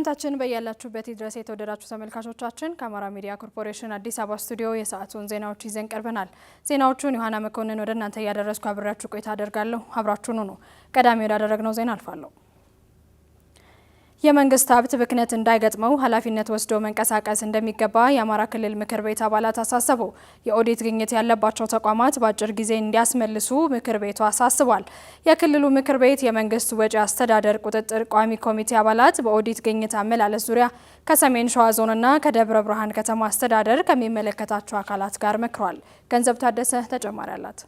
ሰላምታችን በያላችሁበት ድረስ የተወደዳችሁ ተመልካቾቻችን። ከአማራ ሚዲያ ኮርፖሬሽን አዲስ አበባ ስቱዲዮ የሰዓቱን ዜናዎች ይዘን ቀርበናል። ዜናዎቹን ዮሐና መኮንን ወደ እናንተ እያደረስኩ አብሬያችሁ ቆይታ አደርጋለሁ። አብራችሁን ነው። ቀዳሚ ወዳደረግነው ዜና አልፋለሁ። የመንግስት ሀብት ብክነት እንዳይገጥመው ኃላፊነት ወስዶ መንቀሳቀስ እንደሚገባ የአማራ ክልል ምክር ቤት አባላት አሳሰቡ። የኦዲት ግኝት ያለባቸው ተቋማት በአጭር ጊዜ እንዲያስመልሱ ምክር ቤቱ አሳስቧል። የክልሉ ምክር ቤት የመንግስት ወጪ አስተዳደር ቁጥጥር ቋሚ ኮሚቴ አባላት በኦዲት ግኝት አመላለስ ዙሪያ ከሰሜን ሸዋ ዞንና ከደብረ ብርሃን ከተማ አስተዳደር ከሚመለከታቸው አካላት ጋር መክሯል። ገንዘብ ታደሰ ተጨማሪ አላት።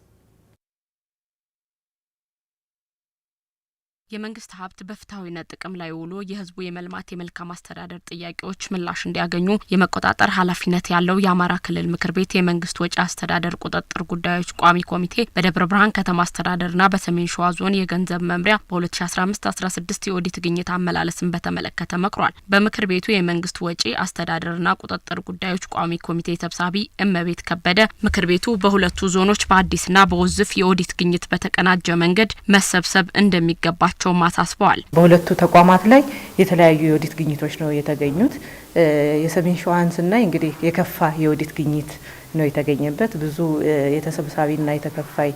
የመንግስት ሀብት በፍትሐዊነት ጥቅም ላይ ውሎ የህዝቡ የመልማት የመልካም አስተዳደር ጥያቄዎች ምላሽ እንዲያገኙ የመቆጣጠር ኃላፊነት ያለው የአማራ ክልል ምክር ቤት የመንግስት ወጪ አስተዳደር ቁጥጥር ጉዳዮች ቋሚ ኮሚቴ በደብረ ብርሃን ከተማ አስተዳደርና በሰሜን ሸዋ ዞን የገንዘብ መምሪያ በ2015/16 የኦዲት ግኝት አመላለስን በተመለከተ መክሯል። በምክር ቤቱ የመንግስት ወጪ አስተዳደርና ቁጥጥር ጉዳዮች ቋሚ ኮሚቴ ሰብሳቢ እመቤት ከበደ ምክር ቤቱ በሁለቱ ዞኖች በአዲስና በውዝፍ የኦዲት ግኝት በተቀናጀ መንገድ መሰብሰብ እንደሚገባቸው መሆናቸውም አሳስበዋል። በሁለቱ ተቋማት ላይ የተለያዩ የኦዲት ግኝቶች ነው የተገኙት። የሰሜን ሸዋን ስናይ እንግዲህ የከፋ የኦዲት ግኝት ነው የተገኘበት። ብዙ የተሰብሳቢና የተከፋይ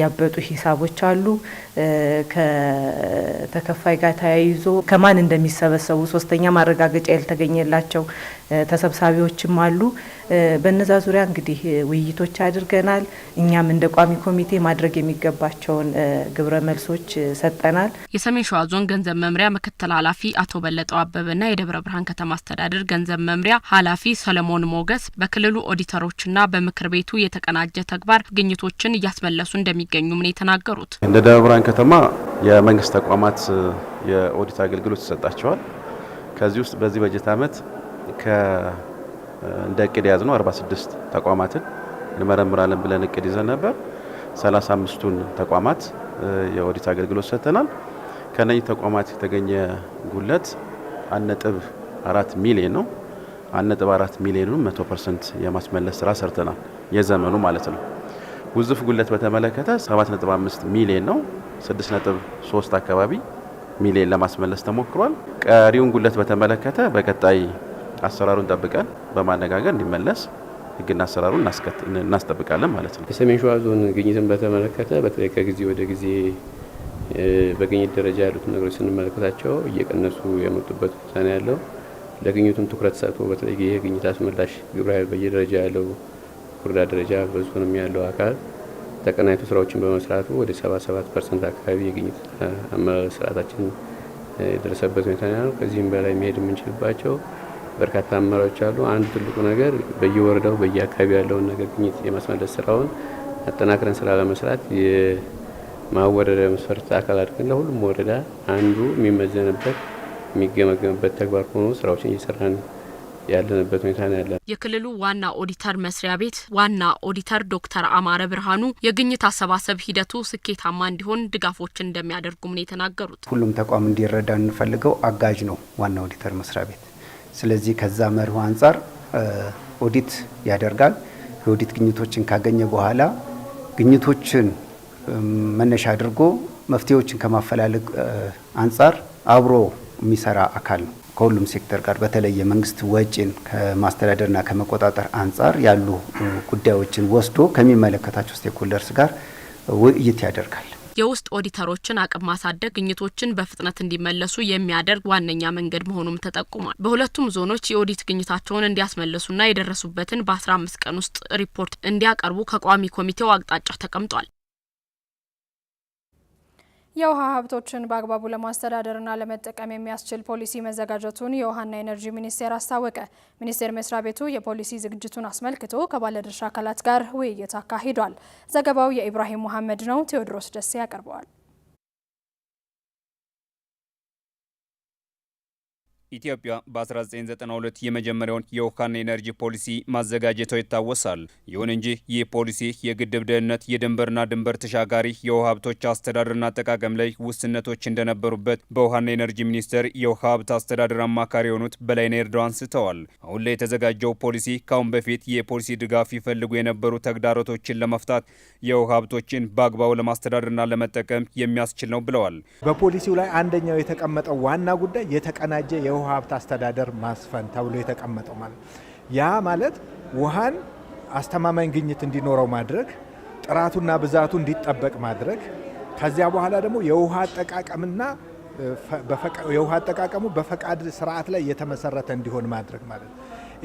ያበጡ ሂሳቦች አሉ። ከተከፋይ ጋር ተያይዞ ከማን እንደሚሰበሰቡ ሶስተኛ ማረጋገጫ ያልተገኘላቸው ተሰብሳቢዎችም አሉ። በነዛ ዙሪያ እንግዲህ ውይይቶች አድርገናል። እኛም እንደ ቋሚ ኮሚቴ ማድረግ የሚገባቸውን ግብረ መልሶች ሰጠናል። የሰሜን ሸዋ ዞን ገንዘብ መምሪያ ምክትል ኃላፊ አቶ በለጠው አበበና የደብረ ብርሃን ከተማ አስተዳደር ገንዘብ መምሪያ ኃላፊ ሰለሞን ሞገስ በክልሉ ኦዲተሮችና በምክር ቤቱ የተቀናጀ ተግባር ግኝቶችን እያስመለሱ እንደሚገኙም ነው የተናገሩት። እንደ ደብረ ብርሃን ከተማ የመንግስት ተቋማት የኦዲት አገልግሎት ይሰጣቸዋል። ከዚህ ውስጥ በዚህ በጀት አመት እንደ እቅድ የያዝ ነው 46 ተቋማትን እንመረምራለን ብለን እቅድ ይዘን ነበር። 35ቱን ተቋማት የኦዲት አገልግሎት ሰጥተናል። ከነዚህ ተቋማት የተገኘ ጉድለት 1.4 ሚሊዮን ነው። 1.4 ሚሊዮኑን 100 ፐርሰንት የማስመለስ ስራ ሰርተናል። የዘመኑ ማለት ነው። ውዝፍ ጉለት በተመለከተ 7.5 ሚሊዮን ነው። 6.3 አካባቢ ሚሊዮን ለማስመለስ ተሞክሯል። ቀሪውን ጉለት በተመለከተ በቀጣይ አሰራሩን ጠብቀን በማነጋገር እንዲመለስ ህግና አሰራሩን እናስጠብቃለን ማለት ነው። የሰሜን ሸዋ ዞን ግኝትን በተመለከተ በተለይ ከጊዜ ወደ ጊዜ በግኝት ደረጃ ያሉት ነገሮች ስንመለከታቸው እየቀነሱ የመጡበት ሁኔታ ያለው። ለግኝቱም ትኩረት ሰጥቶ በተለይ ይህ ግኝት አስመላሽ ግብረ ኃይል በየደረጃ ያለው ኩርዳ ደረጃ በዞንም ያለው አካል ተቀናይቶ ስራዎችን በመስራቱ ወደ 77 ፐርሰንት አካባቢ የግኝት ስርዓታችን የደረሰበት ሁኔታ ነው። ከዚህም በላይ መሄድ የምንችልባቸው በርካታ አመራሮች አሉ። አንድ ትልቁ ነገር በየወረዳው በየአካባቢ ያለውን ነገር ግኝት የማስመለስ ስራውን አጠናክረን ስራ ለመስራት የማወዳደሪያ መስፈርት አካል አድርገን ለሁሉም ወረዳ አንዱ የሚመዘንበት የሚገመገምበት ተግባር ሆኖ ስራዎችን እየሰራን ያለንበት ሁኔታ ነው ያለ የክልሉ ዋና ኦዲተር መስሪያ ቤት ዋና ኦዲተር ዶክተር አማረ ብርሃኑ የግኝት አሰባሰብ ሂደቱ ስኬታማ እንዲሆን ድጋፎችን እንደሚያደርጉም ነው የተናገሩት። ሁሉም ተቋም እንዲረዳ እንፈልገው አጋዥ ነው ዋና ኦዲተር መስሪያ ቤት ስለዚህ ከዛ መርሁ አንጻር ኦዲት ያደርጋል። የኦዲት ግኝቶችን ካገኘ በኋላ ግኝቶችን መነሻ አድርጎ መፍትሄዎችን ከማፈላለግ አንጻር አብሮ የሚሰራ አካል ነው። ከሁሉም ሴክተር ጋር በተለይ የመንግስት ወጪን ከማስተዳደርና ከመቆጣጠር አንጻር ያሉ ጉዳዮችን ወስዶ ከሚመለከታቸው ስቴክሆልደርስ ጋር ውይይት ያደርጋል። የውስጥ ኦዲተሮችን አቅም ማሳደግ ግኝቶችን በፍጥነት እንዲመለሱ የሚያደርግ ዋነኛ መንገድ መሆኑም ተጠቁሟል። በሁለቱም ዞኖች የኦዲት ግኝታቸውን እንዲያስመልሱና የደረሱበትን አስራ አምስት ቀን ውስጥ ሪፖርት እንዲያቀርቡ ከቋሚ ኮሚቴው አቅጣጫ ተቀምጧል። የውሃ ሀብቶችን በአግባቡ ለማስተዳደርና ለመጠቀም የሚያስችል ፖሊሲ መዘጋጀቱን የውሃና ኤነርጂ ሚኒስቴር አስታወቀ። ሚኒስቴር መስሪያ ቤቱ የፖሊሲ ዝግጅቱን አስመልክቶ ከባለድርሻ አካላት ጋር ውይይት አካሂዷል። ዘገባው የኢብራሂም መሐመድ ነው። ቴዎድሮስ ደሴ ያቀርበዋል። ኢትዮጵያ በ1992 የመጀመሪያውን የውሃና ኤነርጂ ፖሊሲ ማዘጋጀቷ ይታወሳል። ይሁን እንጂ ይህ ፖሊሲ የግድብ ደህንነት፣ የድንበርና ድንበር ተሻጋሪ የውሃ ሀብቶች አስተዳደርና አጠቃቀም ላይ ውስንነቶች እንደነበሩበት በውሃና ኤነርጂ ሚኒስቴር የውሃ ሀብት አስተዳደር አማካሪ የሆኑት በላይነህ ኤርዶ አንስተዋል። አሁን ላይ የተዘጋጀው ፖሊሲ ከአሁን በፊት የፖሊሲ ድጋፍ ይፈልጉ የነበሩ ተግዳሮቶችን ለመፍታት የውሃ ሀብቶችን በአግባቡ ለማስተዳደርና ለመጠቀም የሚያስችል ነው ብለዋል። በፖሊሲው ላይ አንደኛው የተቀመጠው ዋና ጉዳይ የተቀናጀ የውሃ ሀብት አስተዳደር ማስፈን ተብሎ የተቀመጠው ማለት ያ ማለት ውሃን አስተማማኝ ግኝት እንዲኖረው ማድረግ፣ ጥራቱና ብዛቱ እንዲጠበቅ ማድረግ ከዚያ በኋላ ደግሞ የውሃ አጠቃቀምና የውሃ አጠቃቀሙ በፈቃድ ስርዓት ላይ የተመሰረተ እንዲሆን ማድረግ ማለት ነው።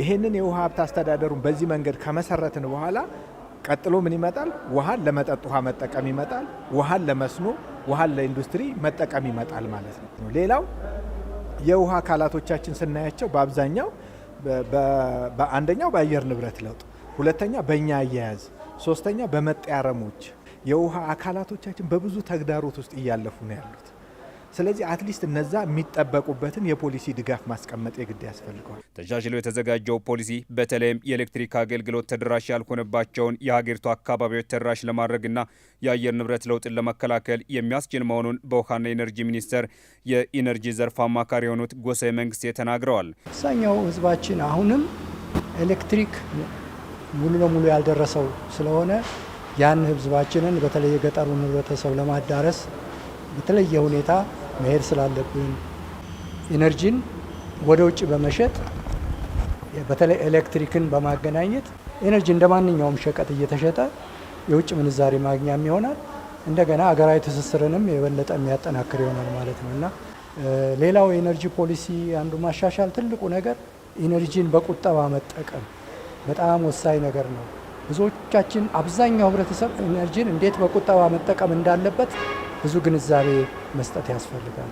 ይህንን የውሃ ሀብት አስተዳደሩን በዚህ መንገድ ከመሰረትን በኋላ ቀጥሎ ምን ይመጣል? ውሃን ለመጠጥ ውሃ መጠቀም ይመጣል። ውሃን ለመስኖ፣ ውሃን ለኢንዱስትሪ መጠቀም ይመጣል ማለት ነው። ሌላው የውሃ አካላቶቻችን ስናያቸው በአብዛኛው በአንደኛው በአየር ንብረት ለውጥ፣ ሁለተኛ በእኛ አያያዝ፣ ሶስተኛ በመጤ አረሞች የውሃ አካላቶቻችን በብዙ ተግዳሮት ውስጥ እያለፉ ነው ያሉት። ስለዚህ አትሊስት እነዛ የሚጠበቁበትን የፖሊሲ ድጋፍ ማስቀመጥ የግድ ያስፈልገዋል። ተሻሽሎ የተዘጋጀው ፖሊሲ በተለይም የኤሌክትሪክ አገልግሎት ተደራሽ ያልሆነባቸውን የሀገሪቱ አካባቢዎች ተደራሽ ለማድረግና የአየር ንብረት ለውጥን ለመከላከል የሚያስችል መሆኑን በውሃና ኢነርጂ ሚኒስቴር የኢነርጂ ዘርፍ አማካሪ የሆኑት ጎሳዬ መንግስቴ ተናግረዋል። አብዛኛው ህዝባችን አሁንም ኤሌክትሪክ ሙሉ ለሙሉ ያልደረሰው ስለሆነ ያን ህዝባችንን በተለይ የገጠሩን ህብረተሰብ ለማዳረስ በተለየ ሁኔታ መሄድ ስላለብን ኢነርጂን ወደ ውጭ በመሸጥ በተለይ ኤሌክትሪክን በማገናኘት ኤነርጂ እንደ ማንኛውም ሸቀጥ እየተሸጠ የውጭ ምንዛሬ ማግኛም ይሆናል። እንደገና አገራዊ ትስስርንም የበለጠ የሚያጠናክር ይሆናል ማለት ነው እና ሌላው የኤነርጂ ፖሊሲ አንዱ ማሻሻል ትልቁ ነገር ኢነርጂን በቁጠባ መጠቀም በጣም ወሳኝ ነገር ነው። ብዙዎቻችን አብዛኛው ህብረተሰብ ኢነርጂን እንዴት በቁጠባ መጠቀም እንዳለበት ብዙ ግንዛቤ መስጠት ያስፈልጋል።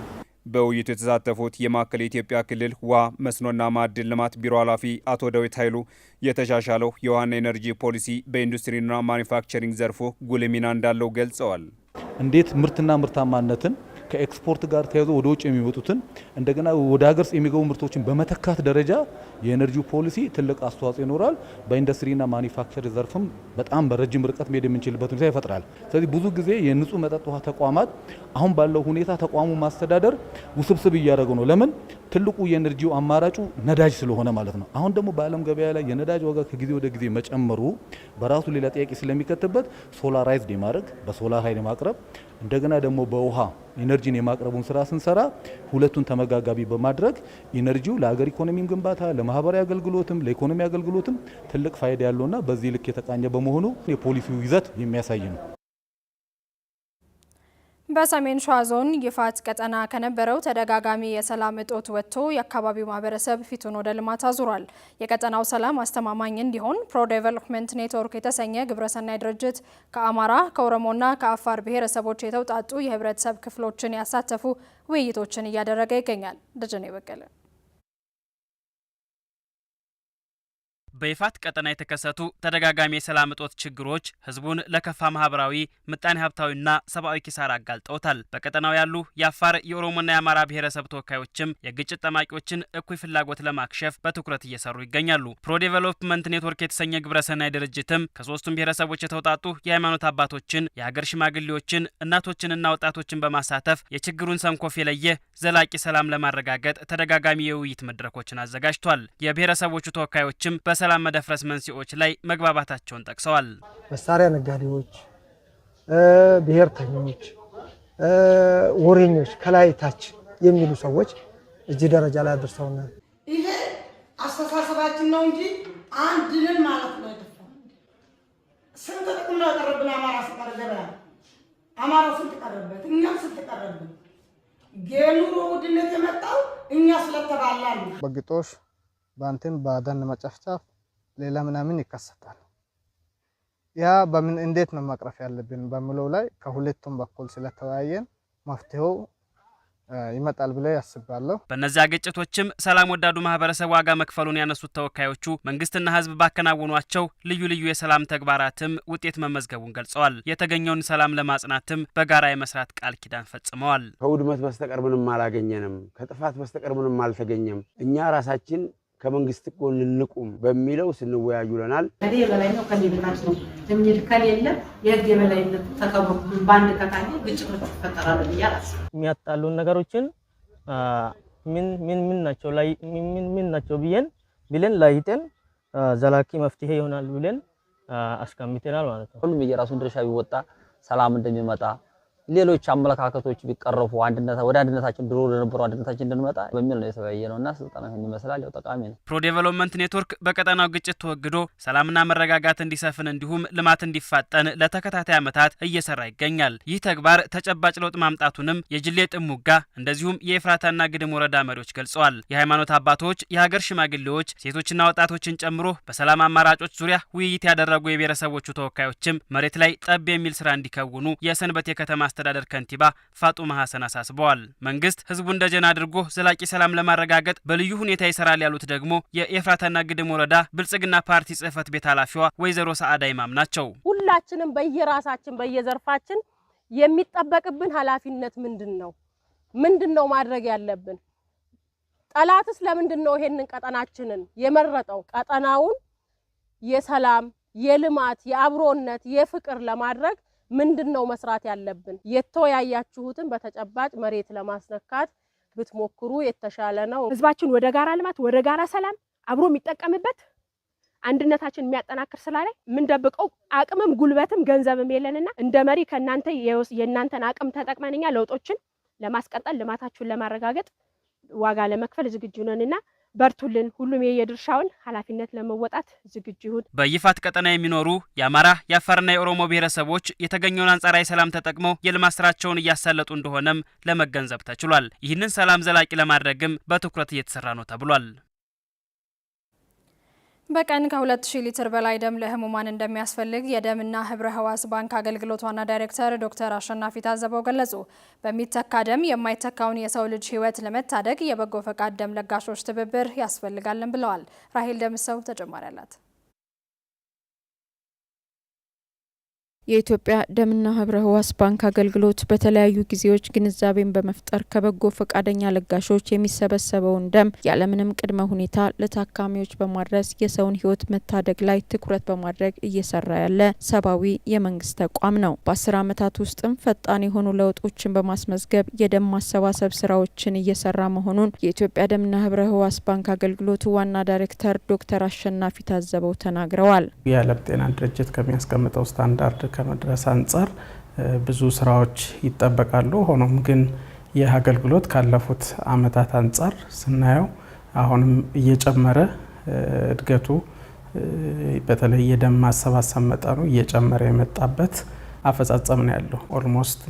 በውይይቱ የተሳተፉት የማዕከል የኢትዮጵያ ክልል ውሃ መስኖና ማዕድን ልማት ቢሮ ኃላፊ አቶ ዳዊት ኃይሉ የተሻሻለው የውሃና ኤነርጂ ፖሊሲ በኢንዱስትሪና ማኒፋክቸሪንግ ዘርፉ ጉልህ ሚና እንዳለው ገልጸዋል። እንዴት ምርትና ምርታማነትን ከኤክስፖርት ጋር ተያይዞ ወደ ውጭ የሚመጡትን እንደገና ወደ ሀገር ውስጥ የሚገቡ ምርቶችን በመተካት ደረጃ የኤነርጂ ፖሊሲ ትልቅ አስተዋጽኦ ይኖራል። በኢንዱስትሪና ማኒፋክቸር ዘርፍም በጣም በረጅም ርቀት መሄድ የምንችልበት ሁኔታ ይፈጥራል። ስለዚህ ብዙ ጊዜ የንጹህ መጠጥ ውሃ ተቋማት አሁን ባለው ሁኔታ ተቋሙ ማስተዳደር ውስብስብ እያደረገ ነው። ለምን ትልቁ የኤነርጂው አማራጩ ነዳጅ ስለሆነ ማለት ነው። አሁን ደግሞ በዓለም ገበያ ላይ የነዳጅ ዋጋ ከጊዜ ወደ ጊዜ መጨመሩ በራሱ ሌላ ጥያቄ ስለሚከትበት ሶላራይዝድ የማድረግ በሶላር ኃይል የማቅረብ እንደገና ደግሞ በውሃ ኢነርጂን የማቅረቡን ስራ ስንሰራ ሁለቱን ተመጋጋቢ በማድረግ ኢነርጂው ለሀገር ኢኮኖሚም ግንባታ ለማህበራዊ አገልግሎትም ለኢኮኖሚ አገልግሎትም ትልቅ ፋይዳ ያለውና በዚህ ልክ የተቃኘ በመሆኑ የፖሊሲው ይዘት የሚያሳይ ነው። በሰሜን ሸዋ ዞን ይፋት ቀጠና ከነበረው ተደጋጋሚ የሰላም እጦት ወጥቶ የአካባቢው ማህበረሰብ ፊቱን ወደ ልማት አዙሯል። የቀጠናው ሰላም አስተማማኝ እንዲሆን ፕሮ ዴቨሎፕመንት ኔትወርክ የተሰኘ ግብረሰናይ ድርጅት ከአማራ ከኦሮሞና ከአፋር ብሔረሰቦች የተውጣጡ የህብረተሰብ ክፍሎችን ያሳተፉ ውይይቶችን እያደረገ ይገኛል። ደጀኔ በቀለ በይፋት ቀጠና የተከሰቱ ተደጋጋሚ የሰላም እጦት ችግሮች ህዝቡን ለከፋ ማህበራዊ ምጣኔ ሀብታዊና ሰብአዊ ኪሳራ አጋልጠውታል። በቀጠናው ያሉ የአፋር የኦሮሞና የአማራ ብሔረሰብ ተወካዮችም የግጭት ጠማቂዎችን እኩይ ፍላጎት ለማክሸፍ በትኩረት እየሰሩ ይገኛሉ። ፕሮ ዴቨሎፕመንት ኔትወርክ የተሰኘ ግብረሰናይ ድርጅትም ከሶስቱም ብሔረሰቦች የተውጣጡ የሃይማኖት አባቶችን፣ የሀገር ሽማግሌዎችን፣ እናቶችንና ወጣቶችን በማሳተፍ የችግሩን ሰንኮፍ የለየ ዘላቂ ሰላም ለማረጋገጥ ተደጋጋሚ የውይይት መድረኮችን አዘጋጅቷል። የብሔረሰቦቹ ተወካዮችም በሰ የሰላም መደፍረስ መንስኤዎች ላይ መግባባታቸውን ጠቅሰዋል። መሳሪያ ነጋዴዎች፣ ብሔርተኞች፣ ወሬኞች ከላይ ታች የሚሉ ሰዎች እዚህ ደረጃ ላይ አድርሰውናል። ይሄ አስተሳሰባችን ነው እንጂ አንድንን ማለት ነው። ስንት ጥቅም ነው ያቀረብን? አማራ ስቀርገበ አማራ ስንት ቀረበት? እኛም ስንት ቀረብን? የኑሮ ውድነት የመጣው እኛ ስለተባላ ነው። በግጦሽ ባንትን ባደን መጨፍጨፍ ሌላ ምናምን ይከሰታል። ያ በምን እንዴት ነው መቅረፍ ያለብን በሚለው ላይ ከሁለቱም በኩል ስለተወያየን መፍትሄው ይመጣል ብለ ያስባለሁ። በእነዚያ ግጭቶችም ሰላም ወዳዱ ማህበረሰብ ዋጋ መክፈሉን ያነሱት ተወካዮቹ መንግስትና ህዝብ ባከናወኗቸው ልዩ ልዩ የሰላም ተግባራትም ውጤት መመዝገቡን ገልጸዋል። የተገኘውን ሰላም ለማጽናትም በጋራ የመስራት ቃል ኪዳን ፈጽመዋል። ከውድመት በስተቀር ምንም አላገኘንም፣ ከጥፋት በስተቀር ምንም አልተገኘም። እኛ ራሳችን ከመንግስት ጎን እንቁም በሚለው ስንወያዩ ለናል። ከዚህ የበላይነው ከዚህ በታች ነው የሚል ከሌለ የህግ የበላይነት ተከብሮ በአንድ ከታየ ግጭቶች ይፈጠራሉ ብያ የሚያጣሉን ነገሮችን ምን ምን ምን ናቸው ምን ምን ናቸው ብየን ብለን ላይተን ዘላቂ መፍትሄ ይሆናል ብለን አስቀምጠናል ማለት ነው። ሁሉም የራሱን ድርሻ ቢወጣ ሰላም እንደሚመጣ ሌሎች አመለካከቶች ቢቀረፉ አንድነት ወደ አንድነታችን ድሮ ወደነበረው አንድነታችን እንድንመጣ በሚል ነው የተወያየ ነውና ስልጠና ይህን ይመስላል። ያው ጠቃሚ ነው። ፕሮ ዴቨሎፕመንት ኔትወርክ በቀጠናው ግጭት ተወግዶ ሰላምና መረጋጋት እንዲሰፍን እንዲሁም ልማት እንዲፋጠን ለተከታታይ ዓመታት እየሰራ ይገኛል። ይህ ተግባር ተጨባጭ ለውጥ ማምጣቱንም የጅሌ ጥሙጋ እንደዚሁም የኤፍራታና ግድም ወረዳ መሪዎች ገልጸዋል። የሃይማኖት አባቶች፣ የሀገር ሽማግሌዎች፣ ሴቶችና ወጣቶችን ጨምሮ በሰላም አማራጮች ዙሪያ ውይይት ያደረጉ የብሔረሰቦቹ ተወካዮችም መሬት ላይ ጠብ የሚል ስራ እንዲከውኑ የሰንበት የከተማ አስተዳደር ከንቲባ ፋጡማ ሀሰን አሳስበዋል። መንግስት ህዝቡ እንደ ጀና አድርጎ ዘላቂ ሰላም ለማረጋገጥ በልዩ ሁኔታ ይሰራል ያሉት ደግሞ የኤፍራታና ግድም ወረዳ ብልጽግና ፓርቲ ጽህፈት ቤት ኃላፊዋ ወይዘሮ ሰአዳ ይማም ናቸው። ሁላችንም በየራሳችን በየዘርፋችን የሚጠበቅብን ኃላፊነት ምንድን ነው? ምንድን ነው ማድረግ ያለብን? ጠላትስ ለምንድን ነው ይሄንን ቀጠናችንን የመረጠው? ቀጠናውን የሰላም የልማት የአብሮነት የፍቅር ለማድረግ ምንድን ነው መስራት ያለብን? የተወያያችሁትን በተጨባጭ መሬት ለማስነካት ብትሞክሩ የተሻለ ነው። ህዝባችን ወደ ጋራ ልማት፣ ወደ ጋራ ሰላም አብሮ የሚጠቀምበት አንድነታችን የሚያጠናክር ስራ ላይ የምንደብቀው አቅምም ጉልበትም ገንዘብም የለንና እንደ መሪ ከእናንተ የእናንተን አቅም ተጠቅመንኛ ለውጦችን ለማስቀጠል ልማታችሁን ለማረጋገጥ ዋጋ ለመክፈል ዝግጁ ነንና በርቱልን፣ ሁሉም የየድርሻውን ኃላፊነት ለመወጣት ዝግጁ ይሁን። በይፋት ቀጠና የሚኖሩ የአማራ የአፋርና የኦሮሞ ብሔረሰቦች የተገኘውን አንጻራዊ ሰላም ተጠቅመው የልማት ስራቸውን እያሳለጡ እንደሆነም ለመገንዘብ ተችሏል። ይህንን ሰላም ዘላቂ ለማድረግም በትኩረት እየተሰራ ነው ተብሏል። በቀን ከ2000 ሊትር በላይ ደም ለህሙማን እንደሚያስፈልግ የደምና ህብረ ህዋስ ባንክ አገልግሎት ዋና ዳይሬክተር ዶክተር አሸናፊ ታዘበው ገለጹ። በሚተካ ደም የማይተካውን የሰው ልጅ ህይወት ለመታደግ የበጎ ፈቃድ ደም ለጋሾች ትብብር ያስፈልጋልን ብለዋል። ራሄል ደምሰው ተጨማሪ አላት። የኢትዮጵያ ደምና ህብረ ህዋስ ባንክ አገልግሎት በተለያዩ ጊዜዎች ግንዛቤን በመፍጠር ከበጎ ፈቃደኛ ለጋሾች የሚሰበሰበውን ደም ያለምንም ቅድመ ሁኔታ ለታካሚዎች በማድረስ የሰውን ህይወት መታደግ ላይ ትኩረት በማድረግ እየሰራ ያለ ሰብአዊ የመንግስት ተቋም ነው። በአስር ዓመታት ውስጥም ፈጣን የሆኑ ለውጦችን በማስመዝገብ የደም ማሰባሰብ ስራዎችን እየሰራ መሆኑን የኢትዮጵያ ደምና ህብረ ህዋስ ባንክ አገልግሎት ዋና ዳይሬክተር ዶክተር አሸናፊ ታዘበው ተናግረዋል። የዓለም ጤና ድርጅት ከሚያስቀምጠው ስታንዳርድ ከመድረስ አንጻር ብዙ ስራዎች ይጠበቃሉ። ሆኖም ግን ይህ አገልግሎት ካለፉት አመታት አንጻር ስናየው አሁንም እየጨመረ እድገቱ በተለይ የደም ማሰባሰብ መጠኑ እየጨመረ የመጣበት አፈጻጸም ነው ያለው። ኦልሞስት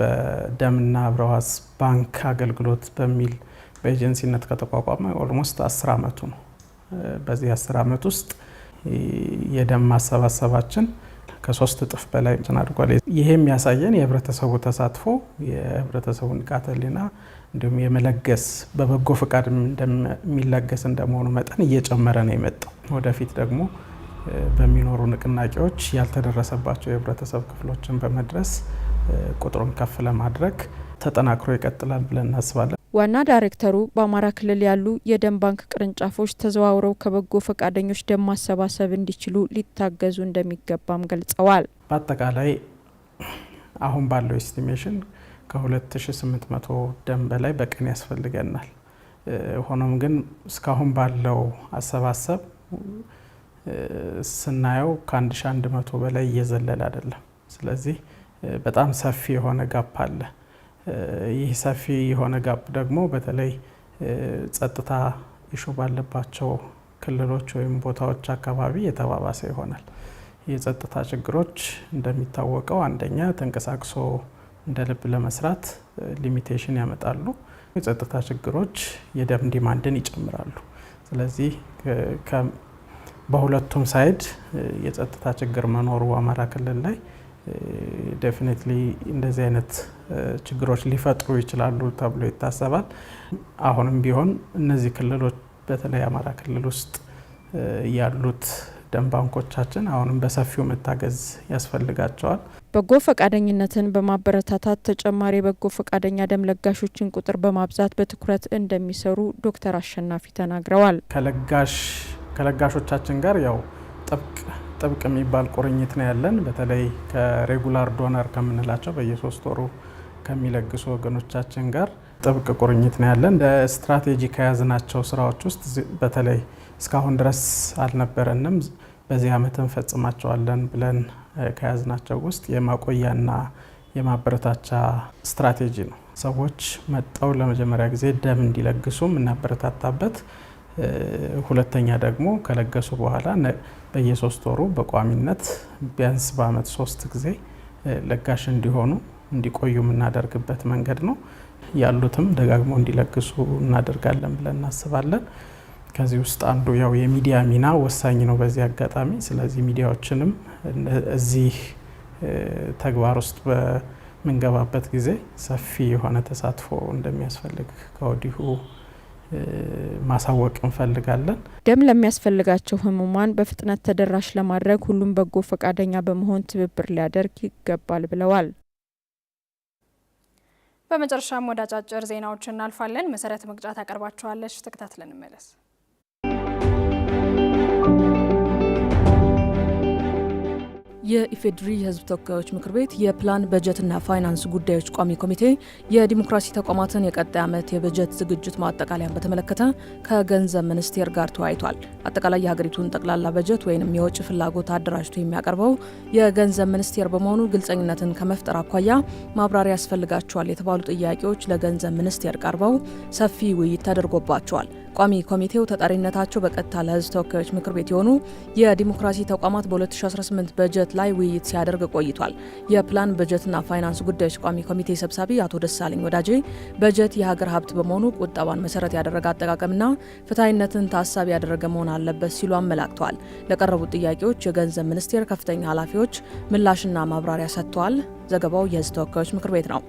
በደምና ህብረ ሕዋስ ባንክ አገልግሎት በሚል በኤጀንሲነት ከተቋቋመ ኦልሞስት አስር አመቱ ነው። በዚህ አስር አመት ውስጥ የደም ማሰባሰባችን ከሶስት እጥፍ በላይ አድጓል። ይሄም ያሳየን የህብረተሰቡ ተሳትፎ የህብረተሰቡ ንቃተ ህሊና እንዲሁም የመለገስ በበጎ ፈቃድ የሚለገስ እንደመሆኑ መጠን እየጨመረ ነው የመጣው። ወደፊት ደግሞ በሚኖሩ ንቅናቄዎች ያልተደረሰባቸው የህብረተሰብ ክፍሎችን በመድረስ ቁጥሩን ከፍ ለማድረግ ተጠናክሮ ይቀጥላል ብለን እናስባለን። ዋና ዳይሬክተሩ በአማራ ክልል ያሉ የደም ባንክ ቅርንጫፎች ተዘዋውረው ከበጎ ፈቃደኞች ደም ማሰባሰብ እንዲችሉ ሊታገዙ እንደሚገባም ገልጸዋል። በአጠቃላይ አሁን ባለው ኤስቲሜሽን ከ2800 ደም በላይ በቀን ያስፈልገናል። ሆኖም ግን እስካሁን ባለው አሰባሰብ ስናየው ከ1100 በላይ እየዘለለ አይደለም። ስለዚህ በጣም ሰፊ የሆነ ጋፕ አለ። ይህ ሰፊ የሆነ ጋብ ደግሞ በተለይ ጸጥታ ይሹ ባለባቸው ክልሎች ወይም ቦታዎች አካባቢ የተባባሰ ይሆናል። የጸጥታ ችግሮች እንደሚታወቀው አንደኛ ተንቀሳቅሶ እንደ ልብ ለመስራት ሊሚቴሽን ያመጣሉ። የጸጥታ ችግሮች የደም ዲማንድን ይጨምራሉ። ስለዚህ በሁለቱም ሳይድ የጸጥታ ችግር መኖሩ አማራ ክልል ላይ ዴፊኒትሊ እንደዚህ አይነት ችግሮች ሊፈጥሩ ይችላሉ ተብሎ ይታሰባል። አሁንም ቢሆን እነዚህ ክልሎች በተለይ አማራ ክልል ውስጥ ያሉት ደም ባንኮቻችን አሁንም በሰፊው መታገዝ ያስፈልጋቸዋል። በጎ ፈቃደኝነትን በማበረታታት ተጨማሪ በጎ ፈቃደኛ ደም ለጋሾችን ቁጥር በማብዛት በትኩረት እንደሚሰሩ ዶክተር አሸናፊ ተናግረዋል። ከለጋሽ ከለጋሾቻችን ጋር ያው ጥብቅ ጥብቅ የሚባል ቁርኝት ነው ያለን። በተለይ ከሬጉላር ዶነር ከምንላቸው በየሶስት ወሩ ከሚለግሱ ወገኖቻችን ጋር ጥብቅ ቁርኝት ነው ያለን። ለስትራቴጂ ከያዝናቸው ስራዎች ውስጥ በተለይ እስካሁን ድረስ አልነበረንም፣ በዚህ ዓመት እንፈጽማቸዋለን ብለን ከያዝናቸው ውስጥ የማቆያና የማበረታቻ ስትራቴጂ ነው። ሰዎች መጠው ለመጀመሪያ ጊዜ ደም እንዲለግሱ የምናበረታታበት ሁለተኛ ደግሞ ከለገሱ በኋላ በየሶስት ወሩ በቋሚነት ቢያንስ በአመት ሶስት ጊዜ ለጋሽ እንዲሆኑ እንዲቆዩ የምናደርግበት መንገድ ነው። ያሉትም ደጋግሞ እንዲለግሱ እናደርጋለን ብለን እናስባለን። ከዚህ ውስጥ አንዱ ያው የሚዲያ ሚና ወሳኝ ነው በዚህ አጋጣሚ። ስለዚህ ሚዲያዎችንም እዚህ ተግባር ውስጥ በምንገባበት ጊዜ ሰፊ የሆነ ተሳትፎ እንደሚያስፈልግ ከወዲሁ ማሳወቅ እንፈልጋለን። ደም ለሚያስፈልጋቸው ህሙማን በፍጥነት ተደራሽ ለማድረግ ሁሉም በጎ ፈቃደኛ በመሆን ትብብር ሊያደርግ ይገባል ብለዋል። በመጨረሻም ወደ አጫጭር ዜናዎች እናልፋለን። መሰረት መቅጫት አቀርባቸዋለች። ተከታትለን እንመለስ። የኢፌዴሪ የህዝብ ተወካዮች ምክር ቤት የፕላን በጀትና ፋይናንስ ጉዳዮች ቋሚ ኮሚቴ የዲሞክራሲ ተቋማትን የቀጣይ ዓመት የበጀት ዝግጅት ማጠቃለያን በተመለከተ ከገንዘብ ሚኒስቴር ጋር ተወያይቷል። አጠቃላይ የሀገሪቱን ጠቅላላ በጀት ወይም የውጭ ፍላጎት አደራጅቶ የሚያቀርበው የገንዘብ ሚኒስቴር በመሆኑ ግልጸኝነትን ከመፍጠር አኳያ ማብራሪያ ያስፈልጋቸዋል የተባሉ ጥያቄዎች ለገንዘብ ሚኒስቴር ቀርበው ሰፊ ውይይት ተደርጎባቸዋል። ቋሚ ኮሚቴው ተጠሪነታቸው በቀጥታ ለህዝብ ተወካዮች ምክር ቤት የሆኑ የዲሞክራሲ ተቋማት በ2018 በጀት ላይ ውይይት ሲያደርግ ቆይቷል። የፕላን በጀትና ፋይናንስ ጉዳዮች ቋሚ ኮሚቴ ሰብሳቢ አቶ ደሳለኝ ወዳጄ በጀት የሀገር ሀብት በመሆኑ ቁጠባን መሰረት ያደረገ አጠቃቀምና ፍትሐዊነትን ታሳቢ ያደረገ መሆን አለበት ሲሉ አመላክተዋል። ለቀረቡት ጥያቄዎች የገንዘብ ሚኒስቴር ከፍተኛ ኃላፊዎች ምላሽና ማብራሪያ ሰጥተዋል። ዘገባው የህዝብ ተወካዮች ምክር ቤት ነው።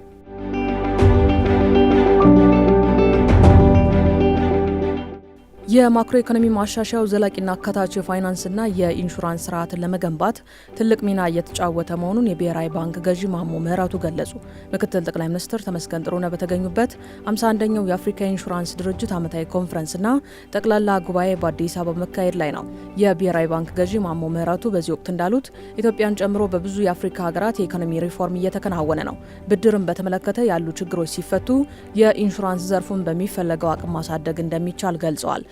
የማክሮ ኢኮኖሚ ማሻሻያው ዘላቂና አካታች የፋይናንስና የኢንሹራንስ ስርዓትን ለመገንባት ትልቅ ሚና እየተጫወተ መሆኑን የብሔራዊ ባንክ ገዢ ማሞ ምህረቱ ገለጹ። ምክትል ጠቅላይ ሚኒስትር ተመስገን ጥሩነህ በተገኙበት 51ኛው የአፍሪካ ኢንሹራንስ ድርጅት ዓመታዊ ኮንፈረንስና ጠቅላላ ጉባኤ በአዲስ አበባ መካሄድ ላይ ነው። የብሔራዊ ባንክ ገዢ ማሞ ምህረቱ በዚህ ወቅት እንዳሉት ኢትዮጵያን ጨምሮ በብዙ የአፍሪካ ሀገራት የኢኮኖሚ ሪፎርም እየተከናወነ ነው። ብድርን በተመለከተ ያሉ ችግሮች ሲፈቱ የኢንሹራንስ ዘርፉን በሚፈለገው አቅም ማሳደግ እንደሚቻል ገልጸዋል።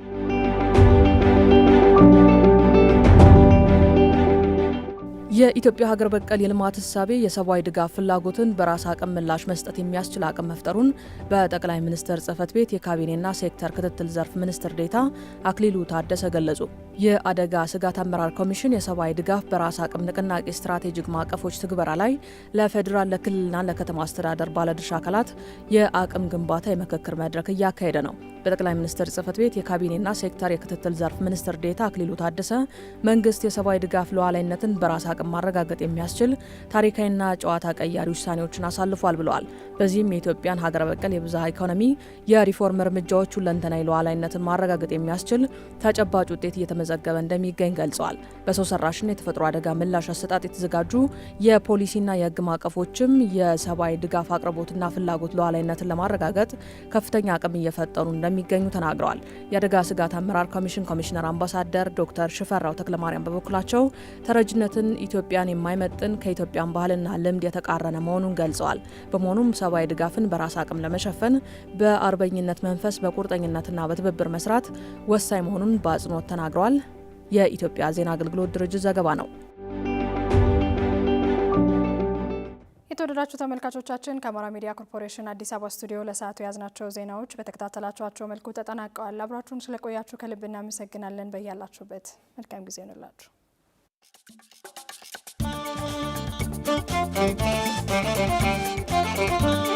የኢትዮጵያ ሀገር በቀል የልማት እሳቤ የሰብአዊ ድጋፍ ፍላጎትን በራስ አቅም ምላሽ መስጠት የሚያስችል አቅም መፍጠሩን በጠቅላይ ሚኒስትር ጽህፈት ቤት የካቢኔና ሴክተር ክትትል ዘርፍ ሚኒስትር ዴታ አክሊሉ ታደሰ ገለጹ። የአደጋ ስጋት አመራር ኮሚሽን የሰብአዊ ድጋፍ በራስ አቅም ንቅናቄ ስትራቴጂክ ማዕቀፎች ትግበራ ላይ ለፌዴራል ለክልልና ለከተማ አስተዳደር ባለድርሻ አካላት የአቅም ግንባታ የምክክር መድረክ እያካሄደ ነው። በጠቅላይ ሚኒስትር ጽህፈት ቤት የካቢኔና ሴክተር የክትትል ዘርፍ ሚኒስትር ዴታ አክሊሉ ታደሰ መንግስት የሰብአዊ ድጋፍ ለዋላይነትን በራስ አቅም ሰላም ማረጋገጥ የሚያስችል ታሪካዊና ጨዋታ ቀያሪ ውሳኔዎችን አሳልፏል ብለዋል። በዚህም የኢትዮጵያን ሀገር በቀል የብዝሃ ኢኮኖሚ የሪፎርም እርምጃዎች ሁለንተናዊ ሉዓላዊነትን ማረጋገጥ የሚያስችል ተጨባጭ ውጤት እየተመዘገበ እንደሚገኝ ገልጸዋል። በሰው ሰራሽና የተፈጥሮ አደጋ ምላሽ አሰጣጥ የተዘጋጁ የፖሊሲና የህግ ማዕቀፎችም የሰብአዊ ድጋፍ አቅርቦትና ፍላጎት ሉዓላዊነትን ለማረጋገጥ ከፍተኛ አቅም እየፈጠሩ እንደሚገኙ ተናግረዋል። የአደጋ ስጋት አመራር ኮሚሽን ኮሚሽነር አምባሳደር ዶክተር ሽፈራው ተክለማርያም በበኩላቸው ተረጅነትን ኢትዮጵያን የማይመጥን ከኢትዮጵያን ባህልና ልምድ የተቃረነ መሆኑን ገልጸዋል። በመሆኑም ሰብአዊ ድጋፍን በራስ አቅም ለመሸፈን በአርበኝነት መንፈስ በቁርጠኝነትና በትብብር መስራት ወሳኝ መሆኑን በአጽንኦት ተናግረዋል። የኢትዮጵያ ዜና አገልግሎት ድርጅት ዘገባ ነው። የተወደዳችሁ ተመልካቾቻችን ከአማራ ሚዲያ ኮርፖሬሽን አዲስ አበባ ስቱዲዮ ለሰዓቱ የያዝናቸው ዜናዎች በተከታተላችኋቸው መልኩ ተጠናቀዋል። አብራችሁን ስለቆያችሁ ከልብ እናመሰግናለን። በያላችሁበት መልካም ጊዜ እንላችሁ። Müzik